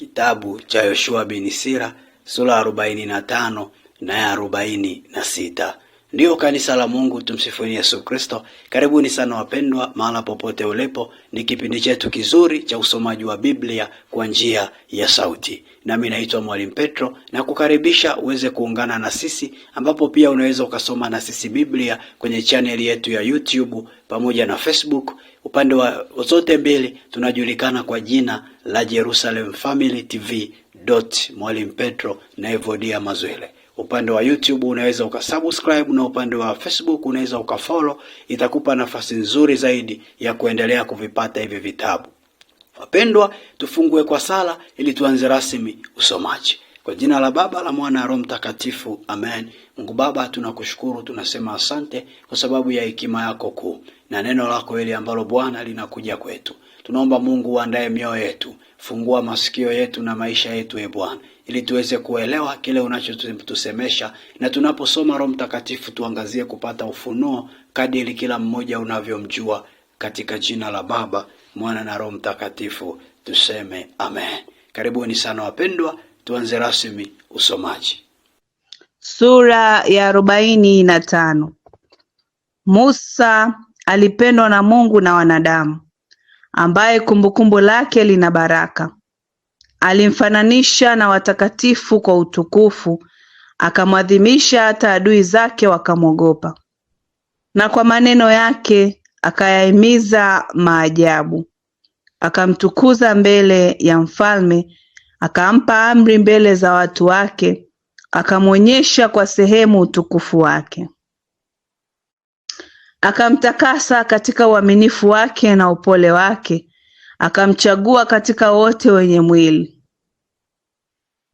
Kitabu cha Yoshua bin Sira sura arobaini na tano na ya arobaini na sita. Ndiyo kanisa la Mungu, tumsifuni Yesu Kristo. Karibuni sana wapendwa, mahala popote ulipo. Ni kipindi chetu kizuri cha usomaji wa Biblia kwa njia ya sauti, nami naitwa Mwalimu Petro na kukaribisha uweze kuungana na sisi, ambapo pia unaweza ukasoma na sisi Biblia kwenye chaneli yetu ya YouTube pamoja na Facebook. Upande wa zote mbili tunajulikana kwa jina la Jerusalem Family TV. Mwalimu Petro na Evodia Mazwile. Upande wa YouTube unaweza ukasubscribe na upande wa Facebook unaweza ukafollow, itakupa nafasi nzuri zaidi ya kuendelea kuvipata hivi vitabu. Wapendwa, tufungue kwa sala ili tuanze rasmi usomaji. Kwa jina la Baba la Mwana na Roho Mtakatifu, amen. Mungu Baba, tunakushukuru, tunasema asante kwa sababu ya hekima yako kuu na neno lako hili ambalo Bwana linakuja kwetu Tunaomba Mungu uandae mioyo yetu, fungua masikio yetu na maisha yetu, e Bwana, ili tuweze kuelewa kile unachotusemesha, na tunaposoma Roho Mtakatifu tuangazie kupata ufunuo kadiri kila mmoja unavyomjua, katika jina la Baba, Mwana na Roho Mtakatifu tuseme amen. Karibuni sana wapendwa, tuanze rasmi usomaji. Sura ya arobaini na tano. Musa alipendwa na Mungu na wanadamu ambaye kumbukumbu lake lina baraka. Alimfananisha na watakatifu kwa utukufu, akamwadhimisha hata adui zake wakamwogopa, na kwa maneno yake akayahimiza maajabu, akamtukuza mbele ya mfalme, akampa amri mbele za watu wake, akamwonyesha kwa sehemu utukufu wake. Akamtakasa katika uaminifu wake na upole wake, akamchagua katika wote wenye mwili.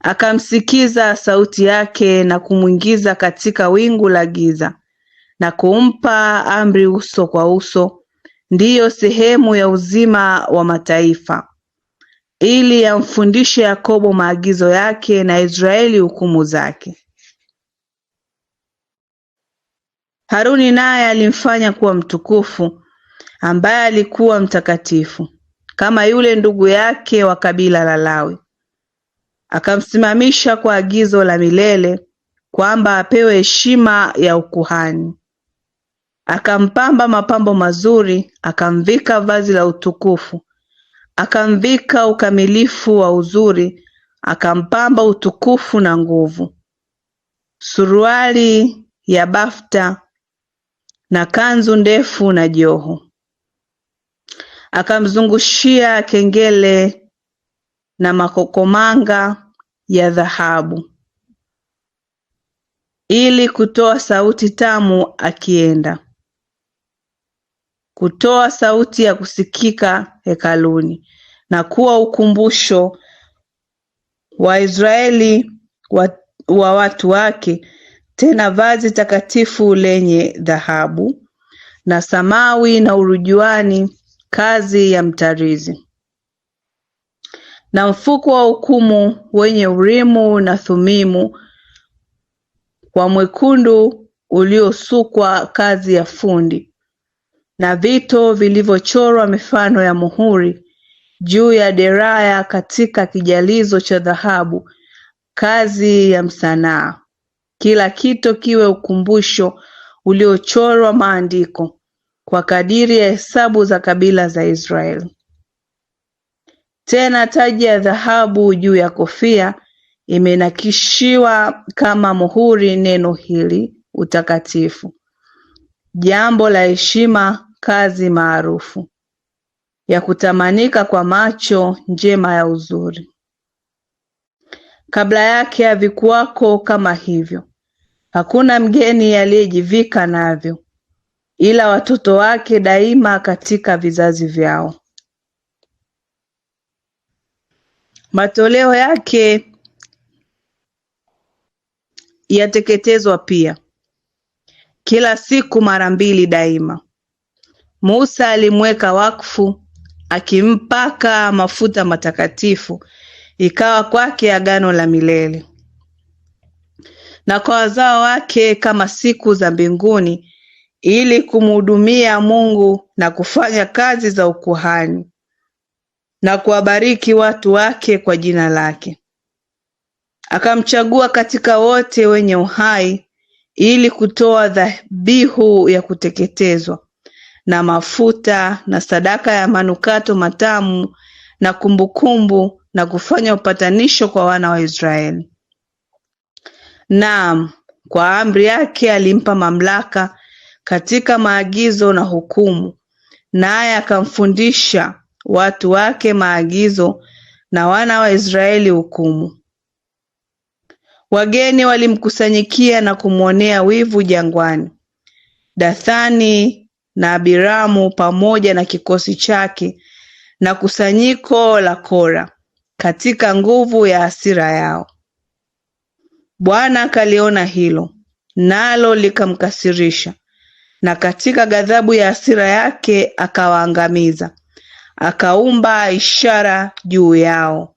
Akamsikiza sauti yake na kumwingiza katika wingu la giza na kumpa amri uso kwa uso, ndiyo sehemu ya uzima wa mataifa, ili amfundishe Yakobo maagizo yake na Israeli hukumu zake. Haruni naye alimfanya kuwa mtukufu ambaye alikuwa mtakatifu kama yule ndugu yake wa kabila la Lawi, akamsimamisha kwa agizo la milele kwamba apewe heshima ya ukuhani. Akampamba mapambo mazuri, akamvika vazi la utukufu, akamvika ukamilifu wa uzuri, akampamba utukufu na nguvu. Suruali ya bafta na kanzu ndefu na joho, akamzungushia kengele na makokomanga ya dhahabu ili kutoa sauti tamu akienda, kutoa sauti ya kusikika hekaluni na kuwa ukumbusho Waisraeli wa, wa watu wake tena vazi takatifu lenye dhahabu na samawi na urujuani, kazi ya mtarizi, na mfuko wa hukumu wenye urimu na thumimu wa mwekundu uliosukwa, kazi ya fundi, na vito vilivyochorwa mifano ya muhuri juu ya deraya katika kijalizo cha dhahabu, kazi ya msanaa kila kito kiwe ukumbusho uliochorwa Maandiko kwa kadiri ya hesabu za kabila za Israeli tena taji ya dhahabu juu ya kofia imenakishiwa kama muhuri neno hili utakatifu, jambo la heshima, kazi maarufu ya kutamanika kwa macho njema ya uzuri. Kabla yake havikuwako kama hivyo, Hakuna mgeni aliyejivika navyo, ila watoto wake daima katika vizazi vyao. Matoleo yake yateketezwa pia kila siku mara mbili daima. Musa alimweka wakfu akimpaka mafuta matakatifu, ikawa kwake agano la milele na kwa wazao wake kama siku za mbinguni ili kumhudumia Mungu na kufanya kazi za ukuhani na kuwabariki watu wake kwa jina lake. Akamchagua katika wote wenye uhai ili kutoa dhabihu ya kuteketezwa na mafuta na sadaka ya manukato matamu na kumbukumbu na kufanya upatanisho kwa wana wa Israeli. Naam, kwa amri yake alimpa mamlaka katika maagizo na hukumu, naye akamfundisha watu wake maagizo na wana wa Israeli hukumu. Wageni walimkusanyikia na kumwonea wivu jangwani. Dathani na Abiramu pamoja na kikosi chake na kusanyiko la Kora katika nguvu ya hasira yao. Bwana akaliona hilo, nalo likamkasirisha, na katika ghadhabu ya hasira yake akawaangamiza. Akaumba ishara juu yao,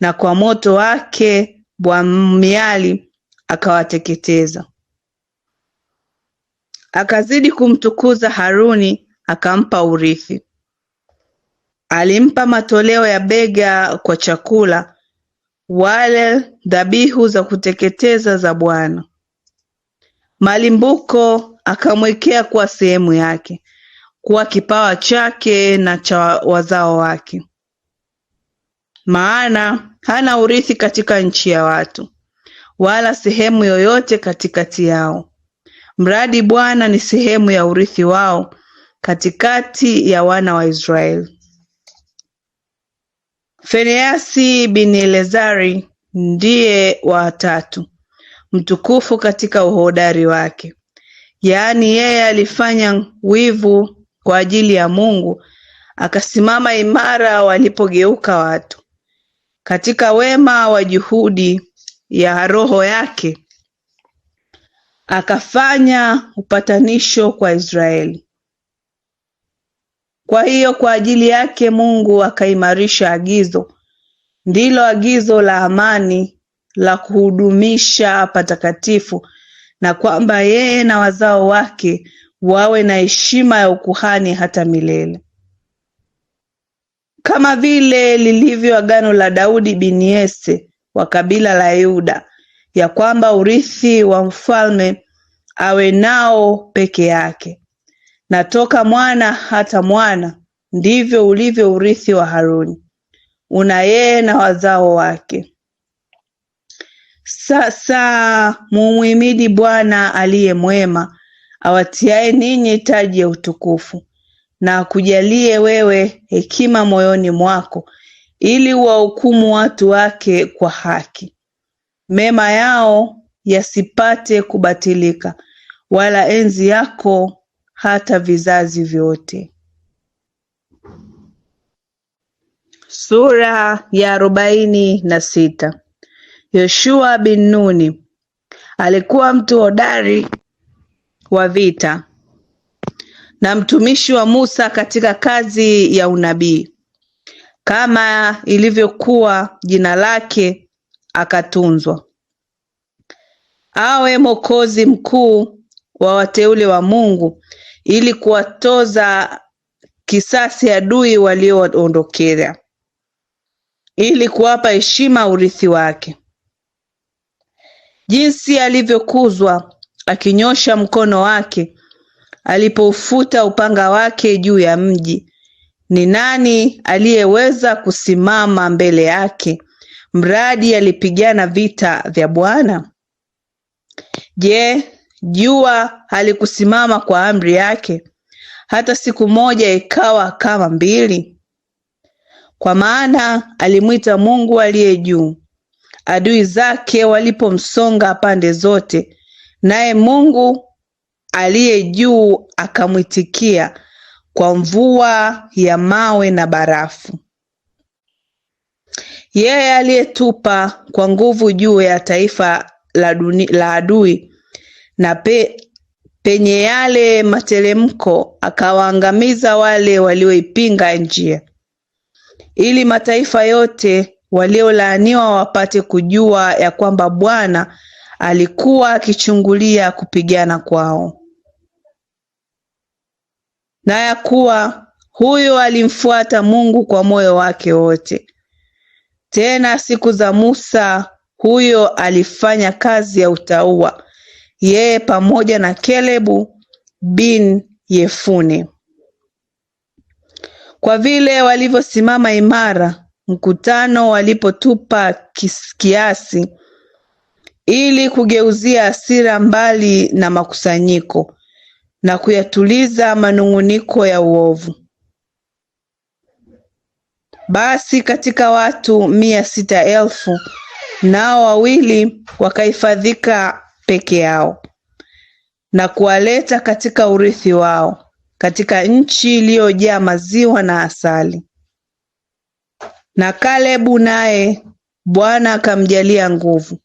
na kwa moto wake bwa miali akawateketeza. Akazidi kumtukuza Haruni, akampa urithi. Alimpa matoleo ya bega kwa chakula wale dhabihu za kuteketeza za Bwana. Malimbuko akamwekea kuwa sehemu yake, kuwa kipawa chake na cha wazao wake, maana hana urithi katika nchi ya watu, wala sehemu yoyote katikati yao, mradi Bwana ni sehemu ya urithi wao katikati ya wana wa Israeli. Feneasi bin Elezari ndiye wa tatu mtukufu katika uhodari wake, yaani yeye alifanya wivu kwa ajili ya Mungu, akasimama imara walipogeuka watu. Katika wema wa juhudi ya roho yake akafanya upatanisho kwa Israeli, kwa hiyo kwa ajili yake Mungu akaimarisha agizo, ndilo agizo la amani la kuhudumisha patakatifu, na kwamba yeye na wazao wake wawe na heshima ya ukuhani hata milele, kama vile lilivyo agano la Daudi bin Yese wa kabila la Yuda, ya kwamba urithi wa mfalme awe nao peke yake na toka mwana hata mwana, ndivyo ulivyo urithi wa Haruni, una yeye na wazao wake. Sasa mumwimidi Bwana aliye mwema, awatiaye ninyi taji ya utukufu, na akujalie wewe hekima moyoni mwako, ili uwahukumu watu wake kwa haki, mema yao yasipate kubatilika, wala enzi yako hata vizazi vyote. Sura ya arobaini na sita. Yoshua bin Nuni alikuwa mtu hodari wa vita na mtumishi wa Musa katika kazi ya unabii, kama ilivyokuwa jina lake, akatunzwa awe mwokozi mkuu wa wateule wa Mungu ili kuwatoza kisasi adui walioondokea ili kuwapa heshima urithi wake. Jinsi alivyokuzwa akinyosha mkono wake alipoufuta upanga wake juu ya mji! Ni nani aliyeweza kusimama mbele yake, mradi alipigana vita vya Bwana? Je, Jua halikusimama kwa amri yake, hata siku moja ikawa kama mbili. Kwa maana alimwita Mungu aliye juu, adui zake walipomsonga pande zote, naye Mungu aliye juu akamwitikia kwa mvua ya mawe na barafu. Yeye aliyetupa kwa nguvu juu ya taifa la, duni, la adui na pe, penye yale materemko akawaangamiza wale walioipinga njia, ili mataifa yote waliolaaniwa wapate kujua ya kwamba Bwana alikuwa akichungulia kupigana kwao, na ya kuwa huyo alimfuata Mungu kwa moyo wake wote. Tena siku za Musa huyo alifanya kazi ya utauwa yeye pamoja na Caleb bin Yefune. Kwa vile walivyosimama imara mkutano walipotupa kiasi ili kugeuzia hasira mbali na makusanyiko na kuyatuliza manung'uniko ya uovu. Basi katika watu mia sita elfu nao wawili wakahifadhika peke yao na kuwaleta katika urithi wao katika nchi iliyojaa maziwa na asali. Na Kalebu naye Bwana akamjalia nguvu,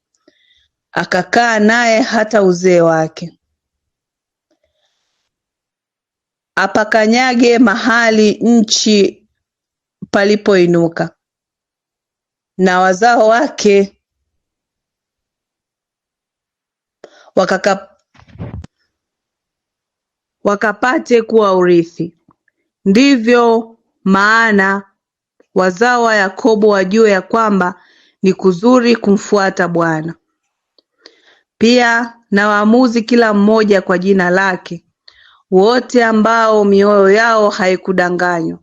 akakaa naye hata uzee wake, apakanyage mahali nchi palipoinuka, na wazao wake wakapate kuwa urithi. Ndivyo maana wazao wa Yakobo wajue ya kwamba ni kuzuri kumfuata Bwana. Pia na waamuzi kila mmoja kwa jina lake, wote ambao mioyo yao haikudanganywa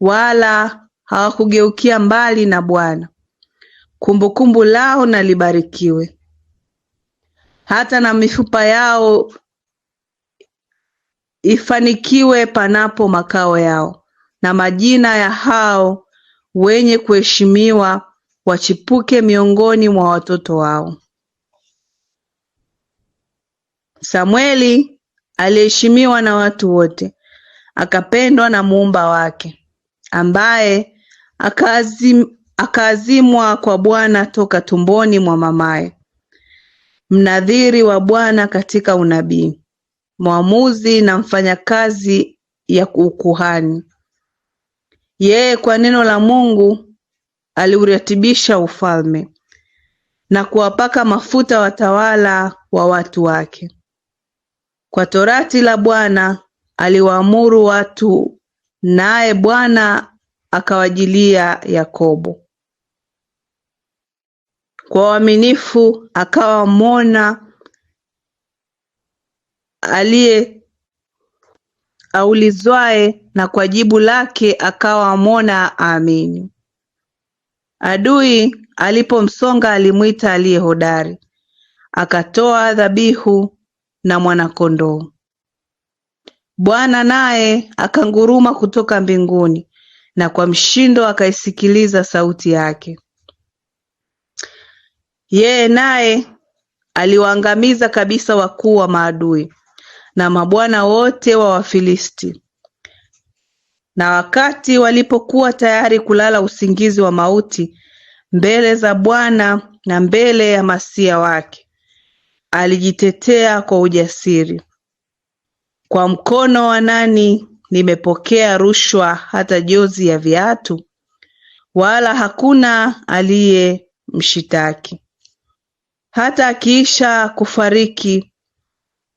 wala hawakugeukia mbali na Bwana. Kumbukumbu lao na libarikiwe hata na mifupa yao ifanikiwe panapo makao yao, na majina ya hao wenye kuheshimiwa wachipuke miongoni mwa watoto wao. Samweli aliheshimiwa na watu wote, akapendwa na muumba wake, ambaye akaazimwa kwa Bwana toka tumboni mwa mamaye mnadhiri wa Bwana katika unabii, mwamuzi na mfanyakazi ya ukuhani. Yeye kwa neno la Mungu aliuratibisha ufalme na kuwapaka mafuta watawala wa watu wake. Kwa torati la Bwana aliwaamuru watu, naye Bwana akawajilia Yakobo kwa uaminifu akawa aliye aulizwae na kwa jibu lake akawa mona aamini. Adui alipomsonga alimwita aliye hodari, akatoa dhabihu na mwanakondoo. Bwana naye akanguruma kutoka mbinguni, na kwa mshindo akaisikiliza sauti yake. Yeye naye aliwaangamiza kabisa wakuu wa maadui na mabwana wote wa Wafilisti. Na wakati walipokuwa tayari kulala usingizi wa mauti mbele za Bwana na mbele ya masia wake, alijitetea kwa ujasiri, kwa mkono wa nani nimepokea rushwa hata jozi ya viatu? Wala hakuna aliye mshitaki hata akiisha kufariki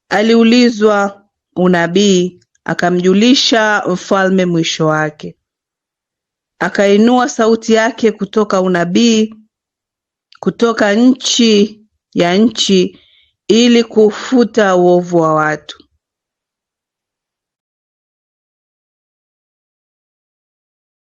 aliulizwa unabii akamjulisha mfalme mwisho wake akainua sauti yake kutoka unabii kutoka nchi ya nchi ili kufuta uovu wa watu